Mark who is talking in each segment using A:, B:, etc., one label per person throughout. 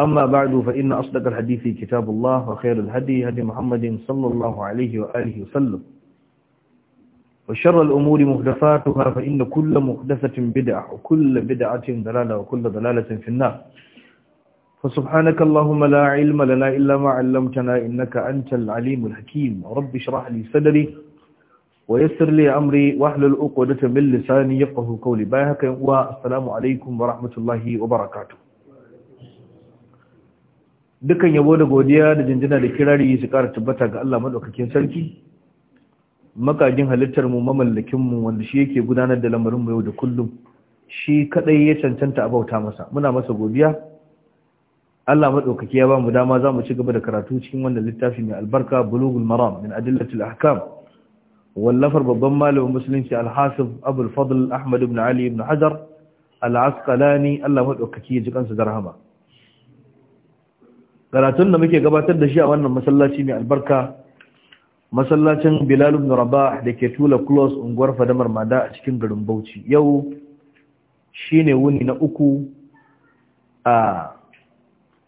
A: أما بعد فإن أصدق الحديث كتاب الله وخير الهدي هدي محمد صلى الله عليه وآله وسلم وشر الأمور محدثاتها فإن كل محدثة بدعة وكل بدعة ضلالة وكل ضلالة في النار فسبحانك اللهم لا علم لنا إلا ما علمتنا إنك أنت العليم الحكيم رب اشرح لي صدري ويسر لي أمري وأهل الأقودة من لساني يفقهوا قولي باهك والسلام عليكم ورحمة الله وبركاته dukan yabo da godiya da jinjina da kirari su ƙara tabbata ga Allah madaukakin sarki Magagin halittar mu mamallakin mu wanda shi yake gudanar da lamarin mu yau da kullum shi kadai ya cancanta a bauta masa muna masa godiya Allah madaukaki ya ba mu dama za mu ci gaba da karatu cikin wannan littafi mai albarka bulughul maram min adillatil ahkam wallafar babban malamin musulunci al-hasib abul fadl ahmad ibn ali ibn hajar al-asqalani Allah madaukaki ya ji kansa da rahama karatun da muke gabatar da shi a wannan masallaci mai albarka masallacin bilal ibn rabah da ke tula Klos unguwar fadamar mada a cikin garin bauchi yau shine wuni na uku a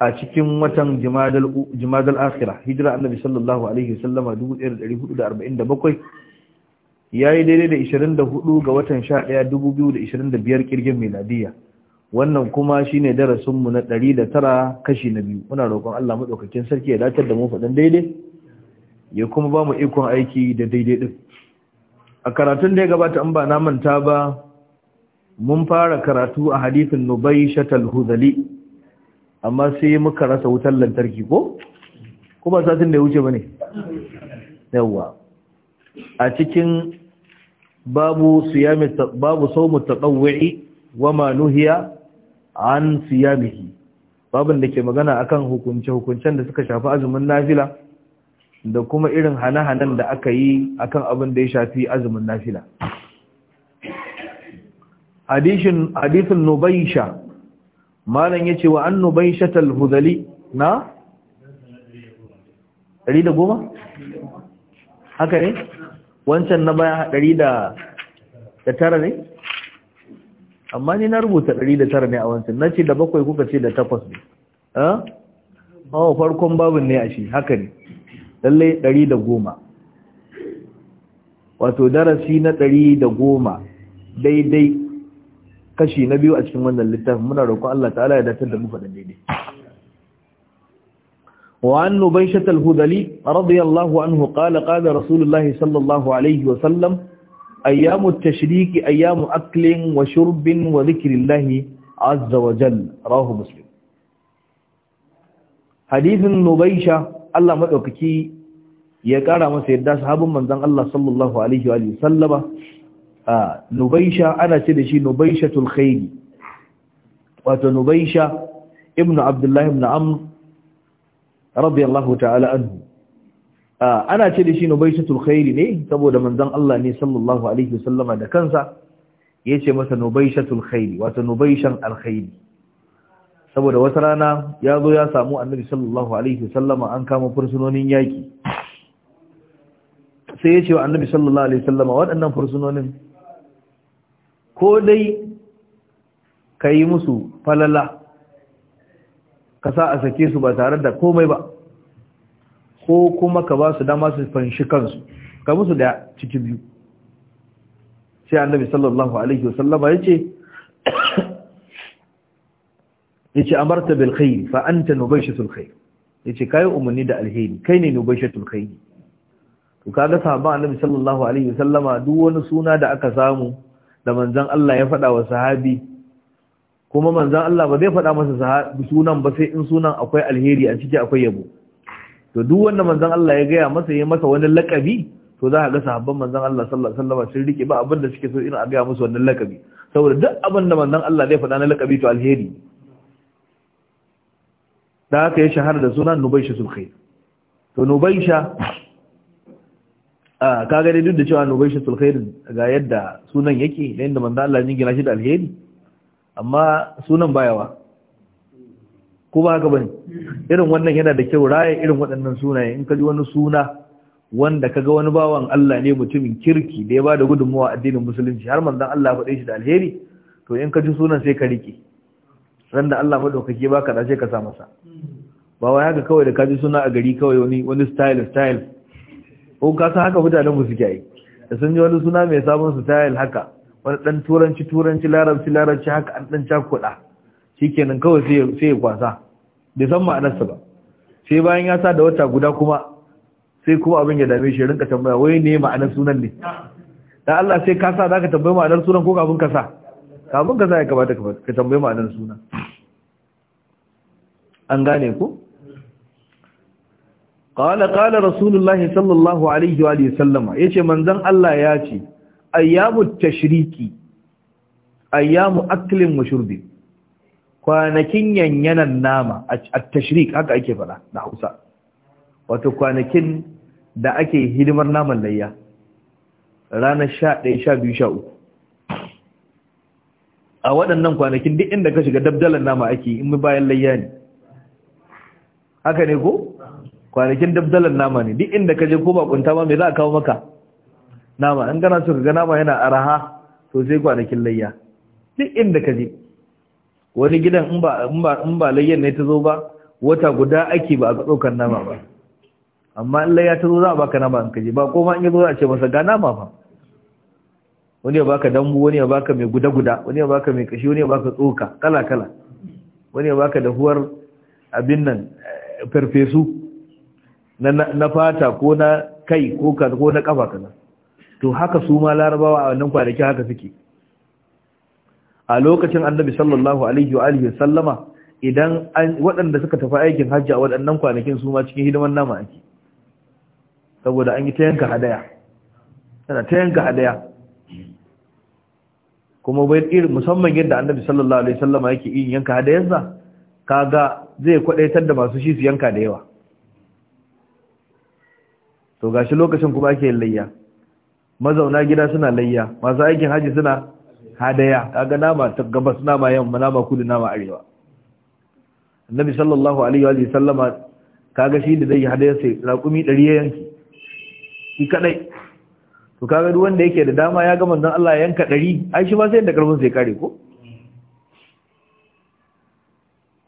A: a cikin watan jimadal akhira hijira annabi sallallahu alaihi wasallama 1447 yayi daidai da 24 ga watan 11 2025 kirgin miladiyya wannan kuma shine darasin mu na ɗari da tara kashi na biyu muna roƙon Allah maɗaukakin sarki ya datar da mu faɗin daidai ya kuma ba mu ikon aiki da daidai ɗin a karatun da ya gabata in ba na manta ba mun fara karatu a hadithin nubai shatal huzali amma sai muka rasa wutar lantarki ko kuma satin da ya wuce ba ne yawa a cikin babu siyamu babu sawmu tatawwi ma nuhiya an siya siyamihi babin da ke magana akan hukunce-hukuncen da suka shafi azumin nafila da kuma irin hane-hanen da aka yi akan abin da ya shafi azumin nafila hadithin nubaisha malam ya ce wa an nubaisha talhudali na? 110? haka ne? wancan na baya 109 ne? amma ni na rubuta 109 ne a wancan na ce da bakwai kuka ce da takwas ne a farkon babin ne a shi haka ne lallai 110 wato darasi na 110 daidai kashi na biyu a cikin wannan littafin muna roƙon Allah ta'ala ya datar da mu faɗin daidai وعن نبيشة الهذلي رضي الله عنه قال قال رسول الله صلى الله عليه وسلم أيام التشريك أيام أكل وشرب وذكر الله عز وجل راه مسلم حديث نبيشة الله مدوكي يقرأ ما سيدا صحاب من ذن الله صلى الله عليه وآله وسلم آه، نبيشة أنا سيدشي نبيشة الخير وتنبيشة ابن عبد الله بن عمرو رضي الله تعالى عنه Ah, ana ce da shi nubaishatul khairi ne saboda manzon Allah ne sallallahu alaihi wasallama da kansa yace masa nubaishatul khairi wato nubaishan alkhairi saboda wata rana ya zo ya samu annabi sallallahu alaihi wasallama an kama fursunonin yaki sai ya ce wa annabi sallallahu alaihi wasallama waɗannan fursunonin ko dai ka yi musu falala ka sa a sake su ba tare da komai ba ko kuma ka ba su dama su fanshi kansu ka musu da ciki biyu sai annabi sallallahu alaihi wasallama yace yace amarta bil khair fa anta nubashatul khair yace kai umarni da alheri kai ne nubashatul khair to kaga sahaba annabi sallallahu alaihi wasallama duk wani suna da aka samu da manzon Allah ya fada wa sahabi kuma manzon Allah ba zai faɗa masa sunan ba sai in sunan akwai alheri a ciki akwai yabo to duk wanda manzon Allah ya gaya masa ya masa wani lakabi to za ka ga sahabban manzon Allah sallallahu alaihi wasallam sun rike ba abin da suke so irin a gaya musu wannan lakabi saboda duk abin da manzon Allah zai faɗa na lakabi to alheri da haka ya shahara da sunan Nubaisha Sulkhair to Nubaisha a kaga dai duk da cewa Nubaisha Sulkhair ga yadda sunan yake da yadda manzon Allah ya gina shi da alheri amma sunan bayawa ko ba haka bane irin wannan yana da kyau raya irin waɗannan sunaye in ka ji wani suna wanda kaga wani bawan Allah ne mutumin kirki da ya bada a addinin musulunci har manzon Allah faɗe shi da alheri to in ka ji sunan sai ka rike ran da Allah madaukake baka da sai ka sa masa ba wai haka kawai da ka ji suna a gari kawai wani wani style style ko ka san haka mutanen mu suke yi da sun ji wani suna mai sabon style haka wani dan turanci turanci larabci larabci haka an dan cakuɗa kenan kawai sai ya kwasa bai san ma'anarsa ba sai bayan ya sa da wata guda kuma sai kuma abin ya dame shi rinka tambaya wai ne ma'anar sunan ne dan Allah sai ka sa za ka tambaye ma'anar sunan ko kafin ka sa kafin ka sa ya kamata ka tambaye ma'anar sunan an gane ku qala qala rasulullahi sallallahu alaihi wa sallama yace manzon Allah ya ce ayyamut tashriki ayyamu aklin wa shurbin kwanakin yanyanan nama a tashrik haka ake fara da hausa wato kwanakin da ake hidimar naman layya ranar sha ɗaya sha biyu sha uku a waɗannan kwanakin duk inda ka shiga dabdalar nama ake in bayan layya ne haka ne ko kwanakin dabdalar nama ne duk inda ka je ko bakunta ma me za a kawo maka nama an gana so ka ga nama yana araha to sai kwanakin layya duk inda ka je wani gidan in ba in layyan ne ta zo ba wata guda ake ba a ɗaukar nama ba amma in layya ta zo za a baka nama in kaje ba ko ma in yi zo za a ce masa ga nama ba wani ya baka dambu wani ya baka mai guda-guda wani ya baka mai kashi wani ya baka tsoka kala-kala wani ya baka dahuwar abin nan eh, farfesu na fata ko na kai ko na kafa kana to haka su ma larabawa a wannan kwanaki haka suke a lokacin annabi sallallahu alaihi wa alihi sallama idan waɗanda suka tafi aikin hajji a waɗannan kwanakin su ma cikin hidiman nama ake saboda an yi ta yanka hadaya tana ta yanka hadaya kuma bai ir musamman yadda annabi sallallahu alaihi sallama yake yin yanka hadayarsa kaga zai kwadaitar da masu shi su yanka da yawa to gashi lokacin kuma ake layya mazauna gida suna layya masu aikin hajji suna hadaya kaga nama ta gabas nama yamma nama kudu nama arewa annabi sallallahu alaihi wa sallama kaga shi da zai hadaya sai raqumi 100 yanki shi kadai to kaga duk wanda yake da dama ya ga manzon Allah yanka 100 ai shi ba sai da karfin sai kare ko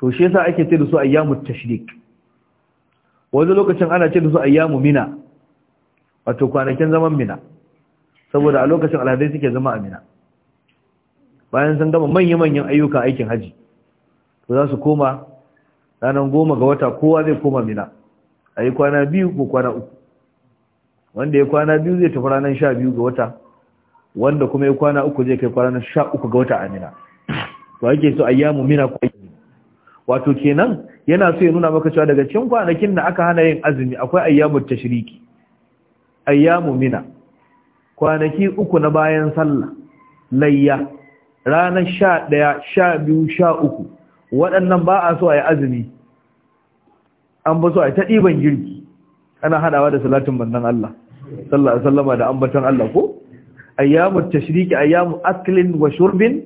A: to shi yasa ake ce da su ayyamu tashrik wani lokacin ana ce da su ayyamu mina wato kwanakin zaman mina saboda a lokacin alhadai suke zama a mina bayan sun gama manya-manyan ayyukan aikin haji to za su koma ranar goma ga wata kowa zai koma mina a yi kwana biyu ko kwana uku wanda ya kwana biyu zai tafi ranar sha biyu ga wata wanda kuma ya kwana uku zai kai kwana sha uku ga wata a mina to ake so a yamu mina ko wato kenan yana so ya nuna maka cewa daga cikin kwanakin da aka hana yin azumi akwai ayyamu tashriki ayyamu mina kwanaki uku na bayan sallah layya ranar sha ɗaya sha biyu sha uku waɗannan ba a so a yi azumi an ba so a yi ta ɗiban girki ana haɗawa da salatin bandan Allah sallallahu sallama da ambaton Allah ko ayyamu tashriki ayyamu aklin wa shurbin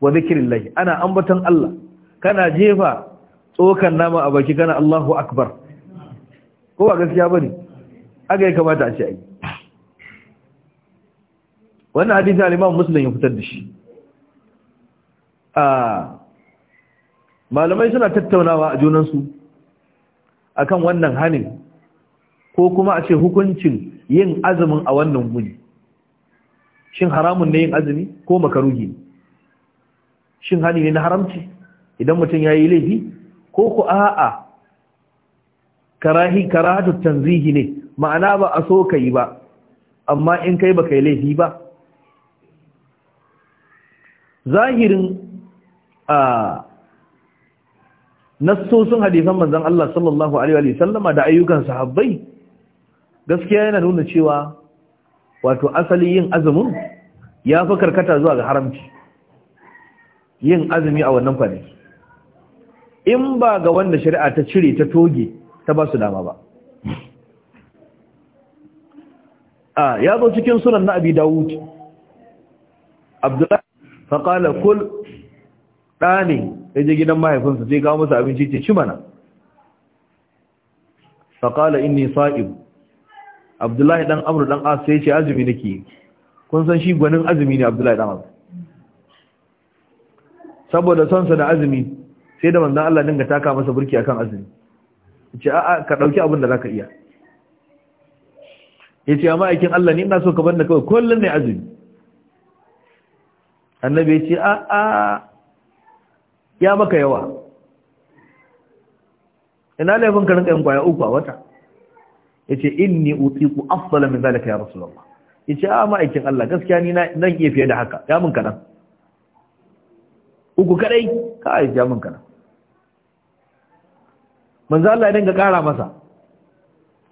A: wa zikrillah ana ambaton Allah kana jefa tsokan nama a baki kana Allahu akbar ko ba gaskiya bane aga ya kamata a ce ai wannan hadisi al-Imam Muslim ya fitar da shi malamai suna tattaunawa a junansu akan wannan hanin ko kuma a ce hukuncin yin azumin a wannan guri shin haramun ne yin azumi ko makaruhi shin hani ne na haramci idan mutum ya yi laifi ko ku a'a karahi karahatu tanzihi ne ma'ana ba a so ka yi ba amma in kai ba yi laifi ba zahirin a nassosin hadisan manzon Allah sallallahu alaihi wa sallama da ayyukan sahabbai gaskiya yana nuna cewa wato asali yin azumin ya fi karkata zuwa ga haramci yin azumi a wannan kwanaki in ba ga wanda shari'a ta cire ta toge ta ba su dama ba a ya zo cikin sunan na abi dawud abdullahi faƙala kul ɗa ne ya je gidan mahaifinsa sai kawo masa abinci ce ci mana faƙala inni sa'ib abdullahi ɗan amur ɗan asu sai ce azumi nake kun san shi gwanin azumi ne abdullahi ɗan amur saboda sonsa da azumi sai da manzan Allah dinga taka masa burki akan azumi ce a'a ka ɗauki abin da za ka iya ya ce amma aikin Allah ne ina so ka banda kawai kullum ne azumi annabi ya ce a'a ya maka yawa ina laifin ka rinka yin kwaya uku a wata yace inni utiku afdala min zalika ya rasulullah yace a ah, ma'aikin Allah gaskiya ni na iya fiye da haka ya mun kadan uku kadai ka ai ya mun kadan manzo Allah idan dinga kara masa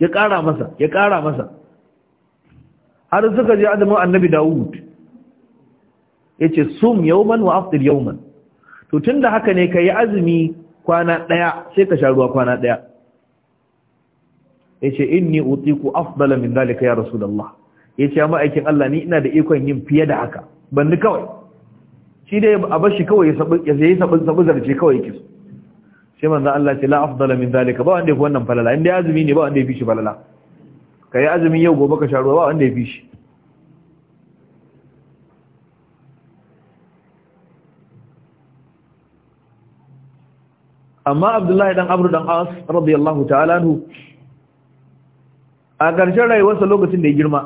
A: ya kara masa ya kara masa har suka je adamu annabi Dawud yace sum yawman wa aftir yawman to tun da haka ne ka yi azumi kwana ɗaya sai ka sha ruwa kwana ɗaya ya ce inni utiku afdala min dalika ya rasulullah ya ce amma aikin Allah ni ina da ikon yin fiye da haka ban ni kawai shi dai a bar shi kawai ya yi sabon sabu zarce kawai yake sai manzo Allah ce la afdala min dalika ba wanda yafi wannan falala inda azumi ne ba wanda yafi shi falala kai azumi yau gobe ka sha ruwa ba wanda yafi shi amma abdullahi dan amru dan as radiyallahu ta'ala anhu a ƙarshen rayuwarsa lokacin da ya girma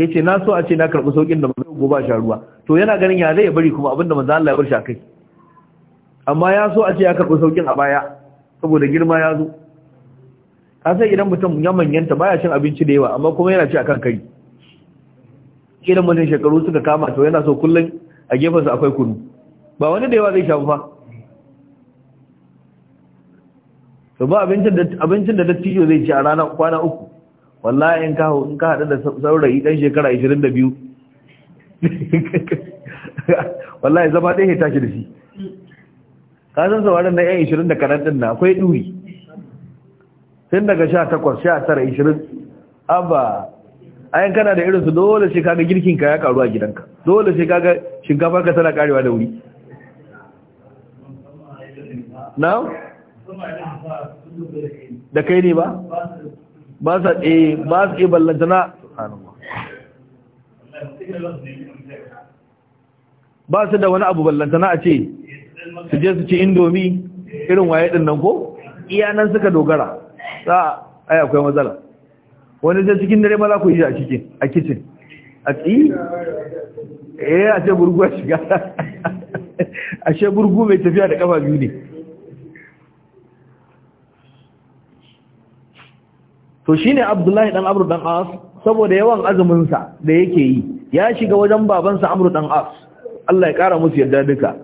A: ya ce na so a ce na karɓi sauƙin da mai goba sha ruwa to yana ganin ya zai bari kuma abinda manzan Allah ya bar shi a kai amma ya so a ce ya karɓi sauƙin a baya saboda girma ya zo ka sai idan mutum ya manyanta baya cin abinci da yawa amma kuma yana ci akan kai idan mutum shekaru suka kama to yana so kullum a gefensa akwai kunu ba wani da yawa zai shafa fa to ba abincin da dattijo zai ci a rana kwana uku wallahi in ka in ka hada da saurayi dan shekara 22 wallahi zama dai ya tashi da shi ka san sauraron nan yan 20 da karan din na akwai duri tun daga 18 19 20 abba ayan kana da irin su dole sai kaga girkin ka ya karu a gidanka dole sai kaga shinkafar ka tana karewa da wuri now da kai ne ba ba sa ɗe eh, ba su eh ballantana ba su da wani abu ballantana a ce su je su ci indomi irin waye ɗin nan ko iyanan suka dogara za ai akwai matsala wani zai cikin dare ma za ku yi a cikin a kitchen a tsi eh a ce burgu a shiga a she burgu mai tafiya da kafa biyu ne to shi ne abdullahi ɗan amru ɗan as saboda yawan azuminsa da yake yi ya shiga wajen babansa amru ɗan as Allah ya ƙara musu yadda duka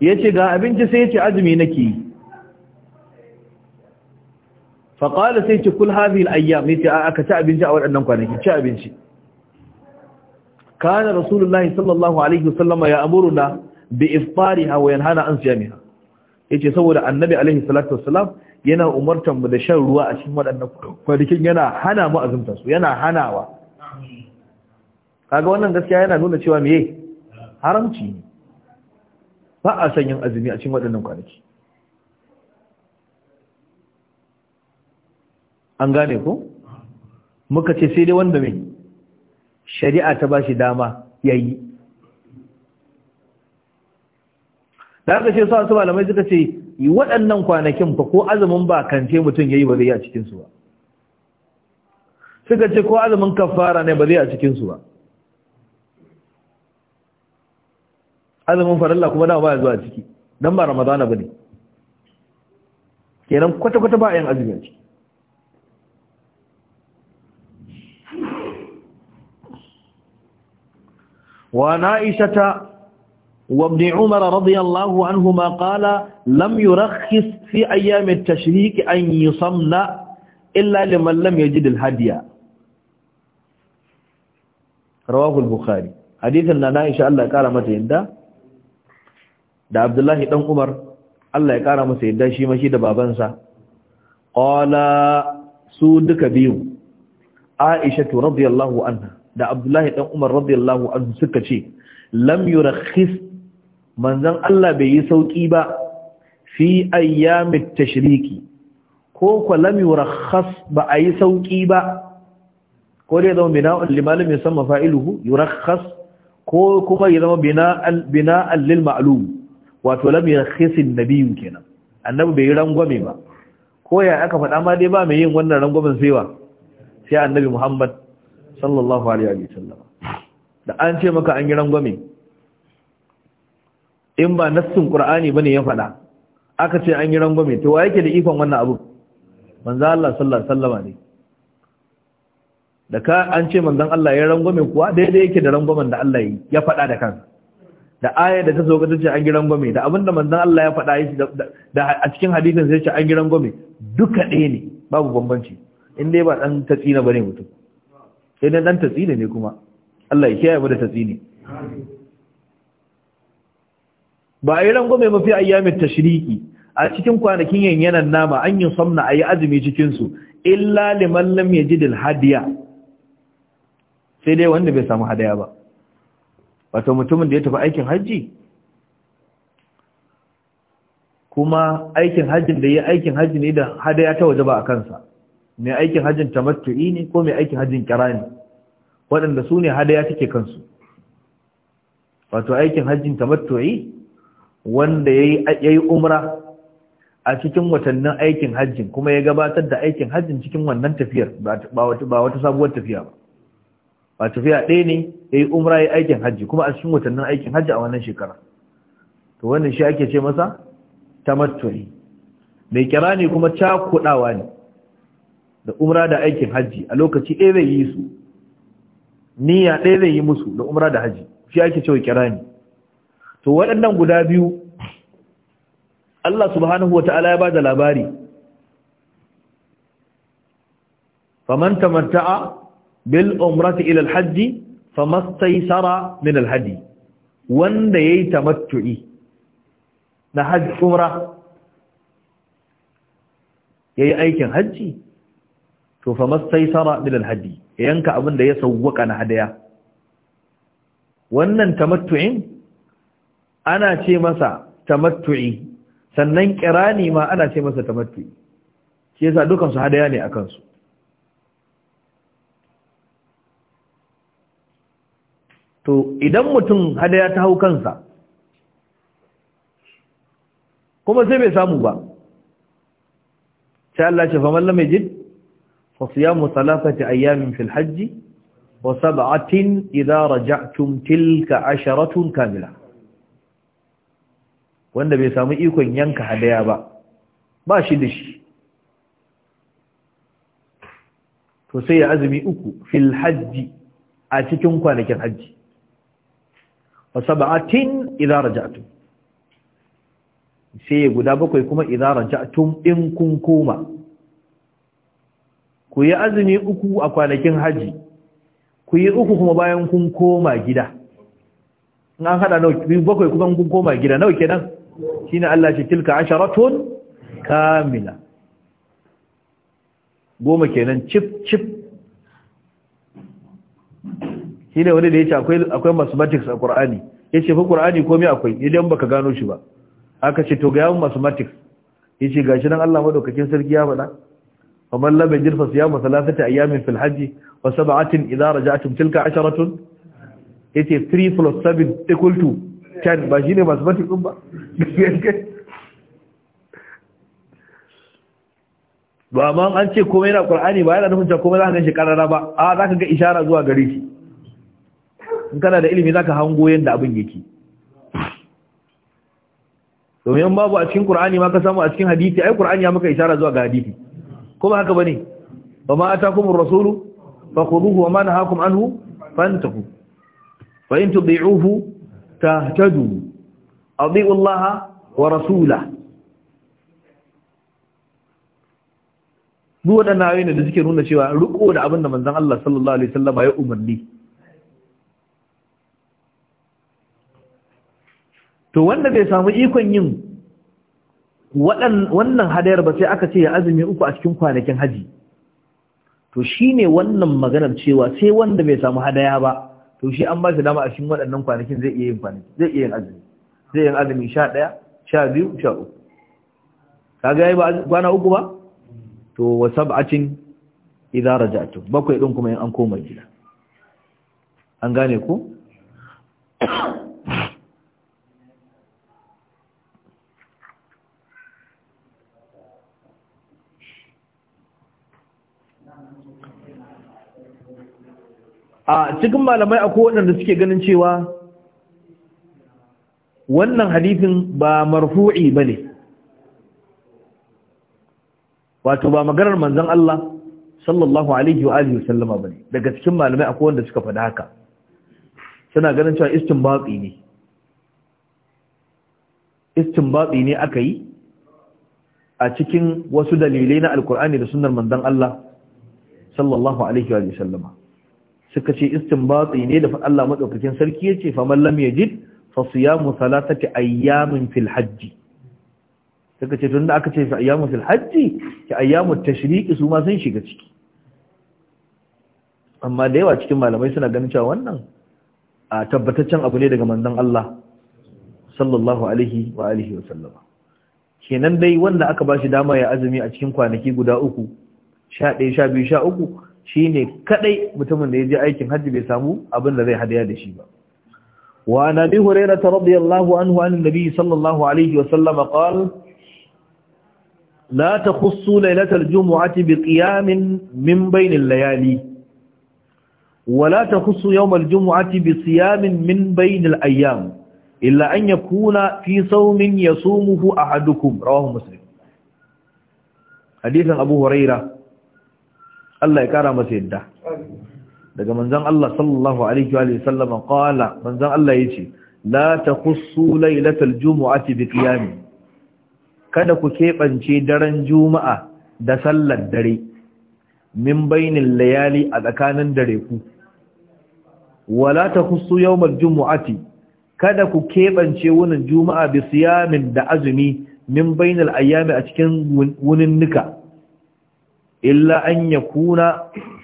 A: ce ga abinci sai ce azumi nake yi fa sai yace kul hadhihi al ayyam yace aka ci abinci a waɗannan kwanaki ci abinci kana rasulullahi sallallahu alaihi wasallama ya amuruna bi iftariha wa yanhana an siyamiha yace saboda annabi alaihi salatu wassalam yana umartan mu da shan ruwa a cikin waɗannan kwadikin yana hana mu azumta su yana hanawa kaga wannan gaskiya yana nuna cewa meye haramci ne ba a san yin azumi a cikin waɗannan kwanaki an gane ko muka ce sai dai wanda mai shari'a ta bashi dama yayi da aka ce sa su malamai suka ce yi waɗannan kwanakin fa ko azumin ba kance mutum ya yi ba zai yi a cikin su ba suka ce ko azumin kafara ne ba zai a cikin su ba azumin farilla kuma da ba ya zuwa ciki dan ba ramadana bane kenan kwata kwata ba yan azumi a ciki wa na'ishata وابن عمر رضي الله عنهما قال لم يرخص في أيام التشريك أن يصمنا إلا لمن لم يجد الهدي رواه البخاري حديث إن شاء الله قال متى da Abdullahi dan Umar Allah ya kara masa yadda shi mashi da babansa qala su duka biyu Aisha radhiyallahu anha da Abdullahi ɗan Umar radhiyallahu anhu suka ce lam yurakhis manzon Allah bai yi sauki ba fi ayyamit tashriki ko ko lam yurakhas ba yi sauki ba ko dai zama bina'un limalin mai san mafa'iluhu yurakhas ko kuma ya zama bina'an lil ma'lum wato lam yurakhisin nabiyyu kenan annabi bai yi rangwame ba ko ya aka faɗa ma dai ba mai yin wannan rangwamen saiwa sai annabi Muhammad sallallahu alaihi wa sallam da an ce maka an yi rangwame in ba nassin qur'ani bane ya faɗa aka ce an yi rangwame to wa yake da ikon wannan abu manzo Allah sallallahu alaihi wasallam ne da ka an ce manzon Allah ya rangwame kuwa daidai yake da rangwamen da Allah ya faɗa da kansa da aya da ta zo ta ce an yi rangwame. da abinda manzon Allah ya faɗa yi da a cikin hadisin sai ce an yi rangwame? duka ɗaya ne babu bambanci in dai ba dan tatsina bane mutum sai dan tatsina ne kuma Allah ya kiyaye mu da amin ba a yi mai mafi ayyamin tashiriki a cikin kwanakin yanyanan nama an yi samna a yi azumi cikinsu illa liman lam ya ji hadiya sai dai wanda bai samu hadaya ba wato mutumin da ya tafi aikin hajji kuma aikin hajjin da ya aikin hajji ne da hadaya ta waje ba a kansa mai aikin hajjin tamattu'i ne ko mai aikin hajjin kira ne waɗanda su ne hadaya take kansu wato aikin hajjin tamattu'i wanda ya yi umra a cikin watannin aikin hajjin kuma ya gabatar da aikin hajjin cikin wannan tafiyar ba wata sabuwar tafiya ba ba tafiya ɗaya ne ya yi umra ya aikin hajji kuma a cikin watannin aikin hajji a wannan shekara to wannan shi ake ce masa tamattuli mai kira ne kuma cakuɗawa ne da umra da aikin hajji a lokaci ɗaya zai yi su niyya ɗaya zai yi musu da umra da hajji shi ake ce kira ne to waɗannan guda biyu Allah subhanahu wata'ala ya ba da labari faman tamatta'a bil umrati ila al-hajj famastaysara min al-hadi wanda yayi tamattu'i na hajj umra yayi aikin hajji to famastaysara min al-hadi yanka abin da ya sawwaka na hadaya wannan tamattu'in ana ce masa tamattu'i sannan kirani ma ana ce masa tamattu'i shi yasa dukan su hadaya ne akan su to idan mutum hadaya ta hau kansa kuma sai bai samu ba sai Allah ce faman lam yajid fa siyamu thalathati ayamin fil hajji wa sab'atin idha raja'tum tilka asharatun kabila. wanda bai samu ikon yanka hadaya ba ba shi da shi to sai ya azumi uku fil hajji a cikin kwanakin hajji wa sab'atin idza raja'tum sai ya guda bakwai kuma idza raja'tum in kun koma ku yi azumi uku a kwanakin hajji ku yi uku kuma bayan kun koma gida in an hada nauki bakwai kuma kun koma gida nawa kenan shine Allah shi tilka asharatun kamila goma kenan chip chip shine wani da yace akwai akwai mathematics a Qur'ani yace fa Qur'ani komai akwai idan baka gano shi ba aka ce to ga yawan mathematics yace gashi nan Allah madaukakin sarki ya faɗa la لم fa فصيام thalathati ayamin fil hajj wa sab'atin idha raja'tum tilka asharatun yace 3 plus 7 equal to can ba shi ne masu ɗin ba ba ma an ce komai na ƙul'ani ba yana nufin can komai za ka gan shi ƙarara ba a za ka ga ishara zuwa gare shi in kana da ilimi za ka hango yadda abin yake domin babu a cikin ƙul'ani ma ka samu a cikin hadithi ai ƙul'ani ya maka ishara zuwa ga hadithi kuma haka ba ne ba ma ata kuma rasulu fa ruhu wa ma na hakun anhu fantaku fa in tubi'uhu تهتدوا أضيء الله wa duk waɗannan ayoyin da suke nuna cewa riƙo da abinda da manzon Allah sallallahu alaihi wasallam ya umarni to wanda bai samu ikon yin wannan hadayar ba sai aka ce ya azumi uku a cikin kwanakin haji to shine wannan maganar cewa sai wanda bai samu hadaya ba to shi an ba shi dama a cikin waɗannan kwanakin zai iya yin kwanaki zai iya yin azumi zai yin azumi sha ɗaya sha biyu sha uku kaga yayi ba kwana uku ba to wa sab'atin idza raja'tu bakwai din kuma in an koma gida an gane ku cikin malamai akwai waɗanda suke ganin cewa wannan hadifin ba marfu'i ba ne wato ba maganar manzan Allah sallallahu alaihi wa alihi wasallama ba ne daga cikin malamai akwai wanda suka faɗa haka suna ganin cewa istinbatsi ne istinbatsi ne aka yi a cikin wasu dalilai na alkur'ani da sunnar manzan Allah sallallahu alaihi wa sallama suka ce istinbati ne da Allah madaukakin sarki yace faman lam yajid fa siyamu thalathati ayyamin fil suka ce tunda aka ce ayyamu fil hajji ki ayyamu tashriqi su ma sun shiga ciki amma da yawa cikin malamai suna ganin cewa wannan a tabbataccen abu ne daga manzon Allah sallallahu alaihi wa alihi wa sallama kenan dai wanda aka bashi dama ya azumi a cikin kwanaki guda uku 11 12 13 shine kadai mutumin da ya je aikin hajji bai samu abin da zai hadaya da shi ba wa nabi ta radiyallahu anhu an nabi sallallahu alaihi wa sallam qala la takhussu laylatal jumu'ati biqiyamin min bainil layali wa la takhussu yawmal jumu'ati siyamin min bainil ayyam illa an yakuna fi sawmin yasumuhu ahadukum rawahu muslim hadithan abu Huraira. Allah ya kara masa yadda daga manzon Allah sallallahu alaihi wa sallam qala manzon Allah yace la taqussu lailatal jumu'ati bi kada ku keɓance daren juma'a da sallar dare min bainin layali a tsakanin dare ku wala taqussu yawmal jumu'ati kada ku keɓance wunin juma'a bi siyamin da azumi min bainal ayyami a cikin wunin nika illa an yakuna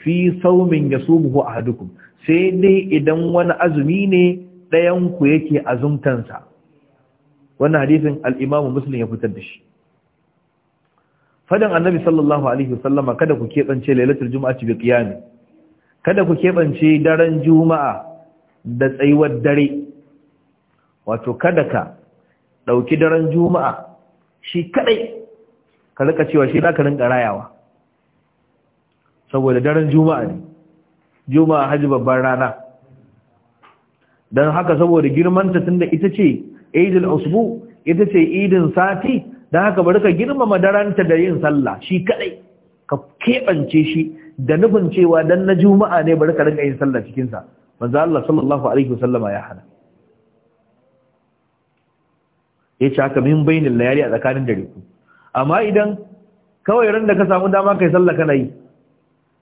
A: fi saumin yasubuhu ahadukum sai dai idan wani azumi ne dayan ku yake azumtansa wannan hadisin al-Imam Muslim ya fitar da shi fadan annabi sallallahu alaihi wasallama kada ku kebance lailatul Juma'a bi qiyami kada ku kebance daren juma'a da tsayuwar dare wato kada ka dauki daren juma'a shi kadai ka rika cewa shi zaka rinka rayawa saboda daren juma'a ne juma'a haji babban rana don haka saboda girmanta tunda ita ce idil usbu ita ce idin sati don haka bari ka girmama daranta da yin sallah shi kadai ka keɓance shi da nufin cewa dan na juma'a ne bari ka rinka yin sallah cikinsa manzo Allah sallallahu alaihi wasallam ya hana ya ce haka min bainin layali a tsakanin dare ku amma idan kawai ran da ka samu dama kai sallah kana yi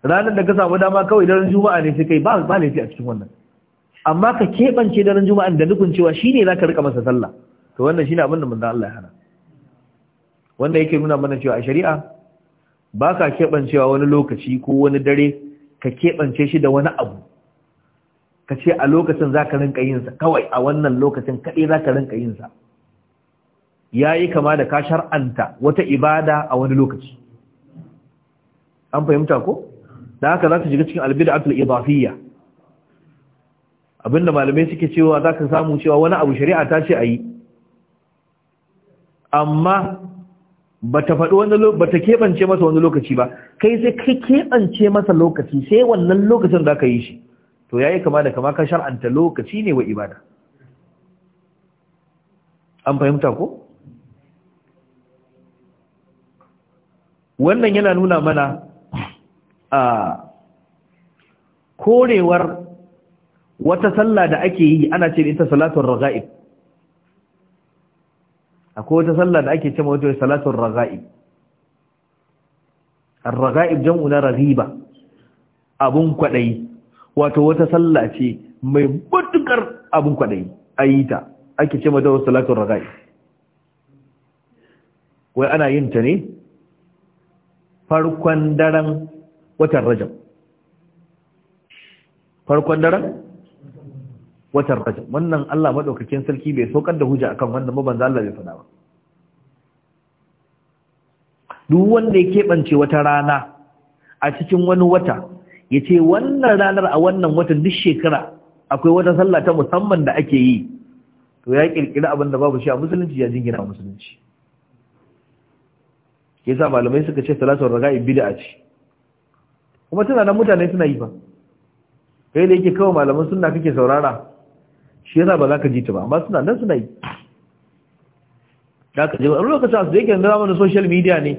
A: ranar da ka samu dama kawai daren juma'a ne sai kai ba ba laifi a cikin wannan amma ka keɓance daren juma'a da nufin cewa shine zaka rika masa sallah to wannan shine abin da manzo Allah ya hana wanda yake nuna mana cewa a shari'a ba ka keɓancewa wani lokaci ko wani dare ka kebance shi da wani abu ka ce a lokacin za ka yin yinsa kawai a wannan lokacin kaɗai zaka rinka yin sa yayi kama da ka shar'anta wata ibada a wani lokaci an fahimta ko? da haka za ta shiga cikin albid'atul idafiyya abinda malamai suke cewa za ka samu cewa wani abu shari'a ta ce a yi amma ba ta keɓance masa wani lokaci ba kai sai ka keɓance masa lokaci sai wannan lokacin da ka yi shi to ya yi kama da kama ka shar'anta lokaci ne wa ibada an fahimta ko wannan yana nuna mana a korewar wata sallah da ake yi ana ce ita salatun raga'ib akwai wata sallah da ake ce ma wata salatun raga'ib raga'ib jam'u na ragiba abun kwadai wato wata sallah ce mai matukar abun yi ayita ake ce ma wata salatun raga'ib wai ana yin ta ne farkon daren watan rajab farkon daren watan rajab wannan Allah madaukakin sarki bai saukar da hujja akan wannan ba Allah bai faɗa ba duk wanda ya keɓance wata rana a cikin wani wata ya ce wannan ranar a wannan watan duk shekara akwai wata sallah ta musamman da ake yi to ya kirkiri abin da babu shi a musulunci ya jingina musulunci yasa malamai suka ce salatul raga'i bid'a ce kuma tana nan mutane suna yi ba kai da yake kawai malaman sunna kake saurara shi yasa ba za ka ji ta ba amma suna nan suna yi da ka ji ba lokacin su yake yanzu zamanin social media ne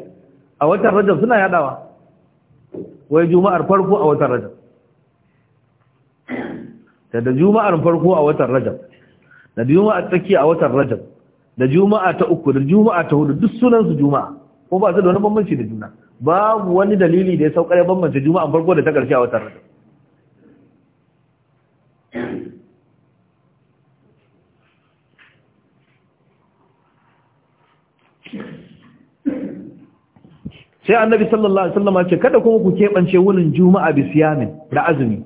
A: a watan rajab suna yadawa wai juma'ar farko a watan rajab da da juma'ar farko a watan rajab da juma'ar tsaki a watan rajab da juma'a ta uku da juma'a ta hudu duk sunan su juma'a ko ba su da wani bambanci da juna babu wani dalili da ya saukar ya bambanta juma'an farko da ta karshe a watan rajab sai annabi sallallahu alaihi wasallam ce kada kuma ku kebance wunin juma'a bi siyamin da azumi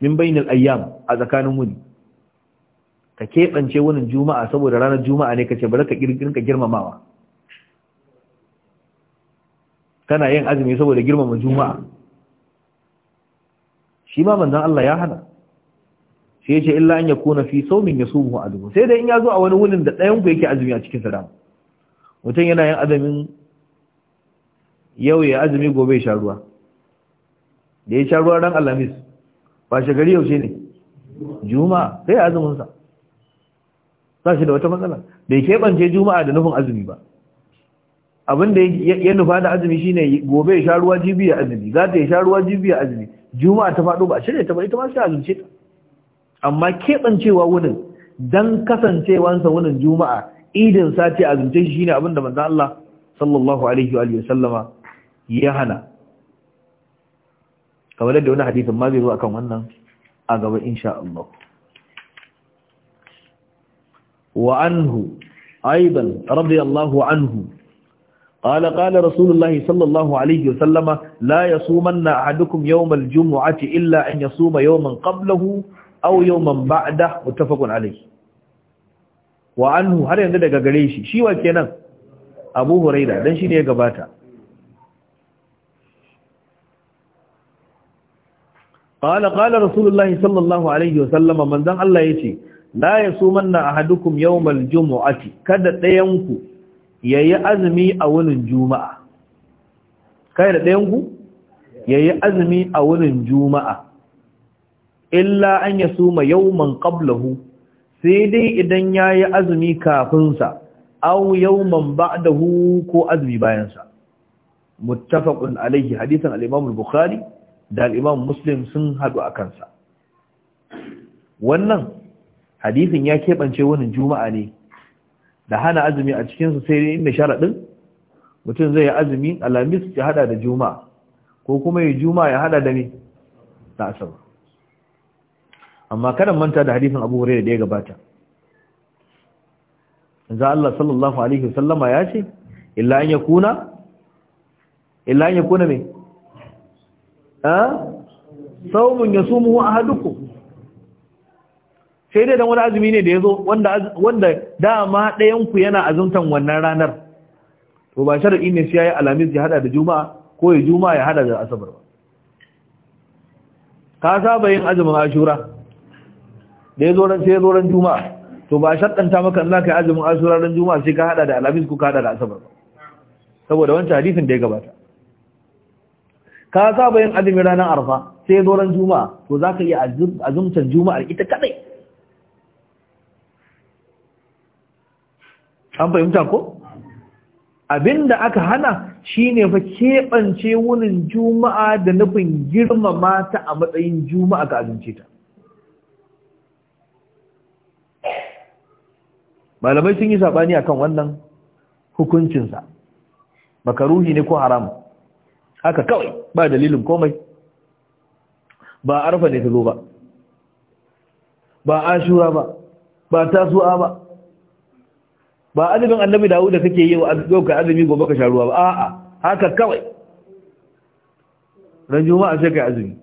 A: min bainal ayyam a tsakanin wuni ka kebance wunin juma'a saboda ranar juma'a ne kace bari ka girgin ka girmamawa tana yin azumi saboda girmama juma'a shi ma manzon Allah ya hana sai ya ce illa an yakuna fi sawmin yasumu aduhu sai dai in ya zo a wani wurin da ɗayan ku yake azumi a cikin sadama mutum yana yin azumin yau ya azumi gobe ya sha ruwa da ya sha ruwa ran alhamis ba shagari yaushe ne juma'a sai azumin sa ba shi da wata matsala bai keɓance juma'a da nufin azumi ba abin da ya nufa da azumi shine gobe ya sha ruwa jibi ya azumi za ta ya sha ruwa jibi ya azumi juma'a ta faɗo ba a shirya ta ba ita ma sai azumce ta amma keɓancewa wunin dan kasancewansa wunin juma'a idin sati azumce shi shine abin da manzo Allah sallallahu alaihi wa sallama ya hana kamar da wani hadisin ma zai zo akan wannan a gaba insha Allah wa anhu aidan radiyallahu anhu قال قال رسول الله صلى الله عليه وسلم لا يصومن أحدكم يوم الجمعة إلا أن يصوم يوما قبله أو يوما بعده متفق عليه وعنه هل يندد قريش شيوى كينا أبو هريرة دان شيني قباتا قال قال رسول الله صلى الله عليه وسلم من ذا الله يتي لا يصومن أحدكم يوم الجمعة كدت ينكو ya yi azumi a wunin juma'a kai da ɗayanku ya yi azumi a wunin juma'a illa an ya suma yawman qablahu sai dai idan ya yi azumi kafinsa au yawman hu ko azumi bayansa muttafaqun alaihi hadisan al-imam al-bukhari da al-imam muslim sun hadu a kansa wannan hadisin ya keɓance wani juma'a ne da hana azumi a cikinsu sai inda sharaɗin mutum zai yi azumi alamis ya hada da juma'a ko kuma yi juma'a ya hada da ne da asabar amma kada manta da hadisin abu hurairah da ya gabata za Allah sallallahu alaihi wasallama ya ce illa an yakuna illa an yakuna me a saumun yasumuhu ahadukum sai dai dan wani azumi ne da ya zo wanda dama ɗayanku yana azumtan wannan ranar to ba sharaɗi ne sai yayi yi alamis ya hada da juma'a ko ya juma'a ya hada da asabar ba ka saba yin azumin ashura da ya zo ran sai ya zo ran juma'a to ba ta maka Allah kai azumin ashura ran juma'a sai ka hada da alamis ko ka hada da asabar ba saboda wancan hadisin da ya gabata ka saba yin azumin ranar arfa sai ya zo ran juma'a to zaka iya azumtan juma'ar ita kadai an fahimta ko abinda aka hana shine fa keɓance wunin juma'a da nufin girmama ta a matsayin juma'a ka abinci ta malamai sun yi sabani akan wannan hukuncinsa makaruhi ne ko haram haka kawai ba dalilin komai ba arfa ne ta zo ba ba ashura ba ba tasu'a ba ba azumin annabi Dawuda kake yi wa ka azumi gobe ka sharuwa ba a'a haka kawai ran juma'a sai kai azumi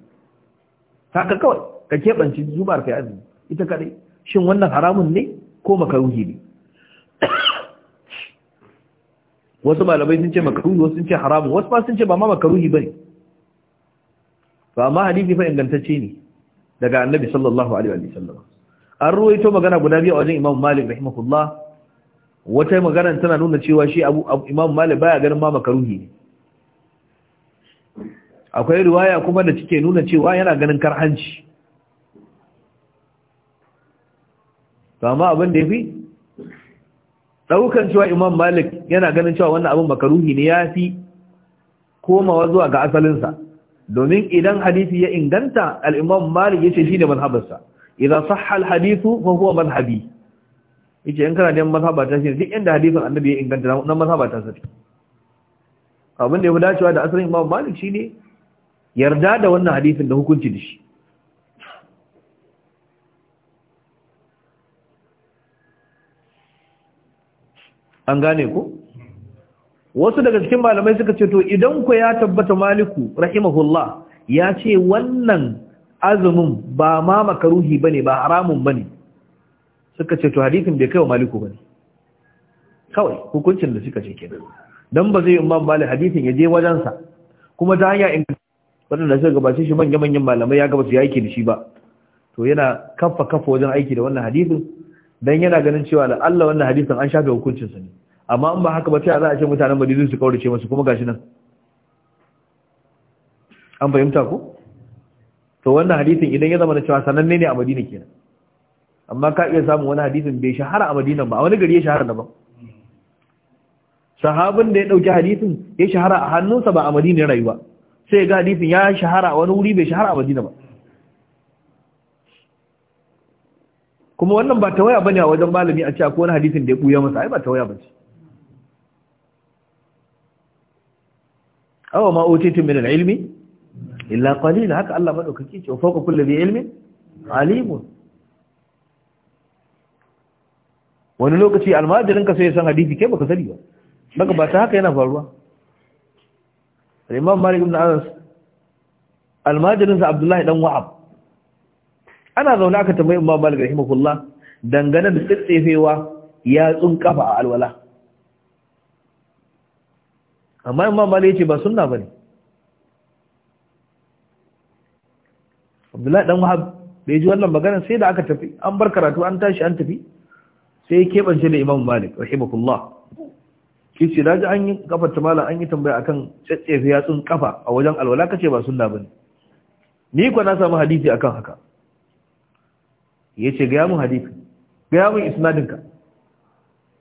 A: haka kawai ka kebanci zubar kai azumi ita kadai shin wannan haramun ne ko makaruhi ne wasu malamai sun ce makaruhi wasu sun ce haramun wasu ma sun ce ba ma makaruhi bane ba amma hadisi fa ingantacce ne daga annabi sallallahu alaihi wa sallam an ruwaito magana guda biyu a wajen imam malik rahimahullah wata magana tana nuna cewa shi imam malik baya ganin ma makaruhi ne akwai riwaya kuma da cike nuna cewa yana ganin karhanci amma abin da ya fi ɗaukan cewa imam malik yana ganin cewa wannan abin makaruhi ne ya fi komawa zuwa ga asalinsa domin idan hadisi ya inganta al'imam malik ya ce shi ne manhabarsa idan sahal hadisu ko kuwa manhabi yace in kana neman mazhaba ta shi duk inda hadisin annabi ya inganta na mazhaba ta sai abin da ya fi dacewa da asalin imam malik shine yarda da wannan hadisin da hukunci da shi an gane ko wasu daga cikin malamai suka ce to idan ku ya tabbata maliku rahimahullah ya ce wannan azumin ba ma makaruhi bane ba haramun bane suka ce to hadisin bai kai wa maliku bane kawai hukuncin da suka ce kenan dan ba zai imam malik hadisin ya je wajensa kuma ta hanya in wadanda suka gabace shi manyan manyan malamai ya gaba su yake da shi ba to yana kaffa kaffa wajen aiki da wannan hadisin dan yana ganin cewa la Allah wannan hadisin an shafe hukuncin sa ne amma in ba haka ba a za a ce mutanen Madina su kaurace masu kuma gashi nan an fahimta ku? to wannan hadisin idan ya zama na cewa sananne ne a Madina kenan amma ka iya samun wani hadisin bai shahara a madinan ba a wani gari ya shahara daban sahabin da ya dauki hadisin ya shahara a hannunsa ba a madina ya rayuwa sai ga hadisin ya shahara a wani wuri bai shahara a madina ba kuma wannan ba tawaya bane a wajen malami a ce ko wani hadisin da ya buya masa ai ba tawaya bace awa ma utitu min al-ilmi illa qalila haka Allah madaukaki ce fa kullu bi ilmin alimun wani lokaci almajirin ka sai ya san hadisi kai baka sani ba daga ba ta haka yana faruwa Imam Malik ibn Anas almajirin sa Abdullahi dan Wahab ana zaune aka tambayi Imam Malik rahimahullah dangane da tsitsefewa ya tsun kafa a alwala amma Imam Malik yace ba sunna bane Abdullahi dan Wahab bai ji wannan magana sai da aka tafi an bar karatu an tashi an tafi sai ya keɓance da imam malik rahimahullah shi ce na ji an yi kafar tamala an yi tambaya akan tsatsefe yatsun kafa a wajen alwala kace ba sunna bane ni kuwa na samu hadisi akan haka ya ce gaya mun hadisi gaya mun isnadinka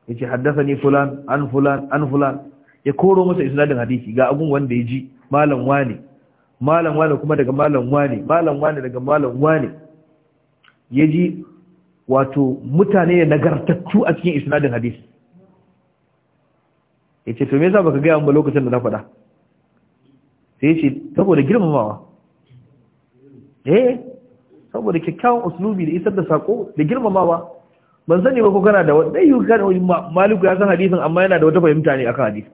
A: ya ce haddasa ni fulan an fulan an fulan ya koro masa isnadin hadisi ga abun wanda ya ji malam wane malam wane kuma daga malam wane malam wane daga malam wane ya ji wato mutane da nagartattu a cikin isnadin hadisi yace to me yasa baka ga ba lokacin da na faɗa sai yace saboda girmamawa eh saboda kyakkyawan uslubi da isar da sako da girmamawa ban sani ba ko kana da wani yi kana maliku ya san hadisin amma yana da wata fahimta ne akan hadisi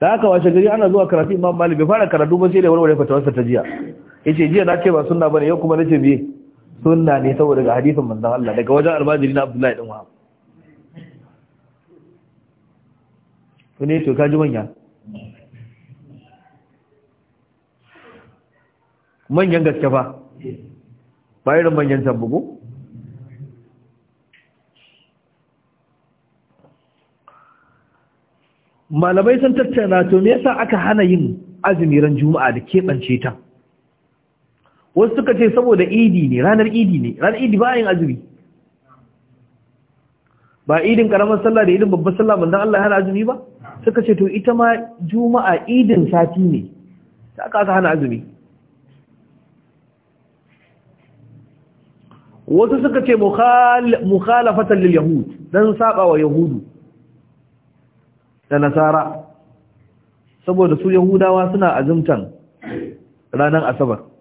A: da aka washe gari ana zuwa karatu imam malik bai fara karatu ba sai da wani fatawarsa ta jiya yace jiya na ce ba sunna bane yau kuma nace biye sunna ne saboda ga hadisin manzon Allah daga wajen almajiri na Abdullahi dan Wahab to ne to kaji manyan. manyan gaske fa ba irin manyan tabbugo malamai sun tattauna to me yasa aka hana yin azumi ran juma'a da keɓance ta wasu suka ce saboda idi ne ranar idi ne ranar idi ba yin azumi ba idin karamar sallah da idin babbar sallah manzon Allah ya hana azumi ba suka ce to ita ma juma'a idin sati ne ta aka aka hana azumi wasu suka ce mukhalafatan lil yahud dan saba wa yahudu da nasara saboda su yahudawa suna azumtan ranar asabar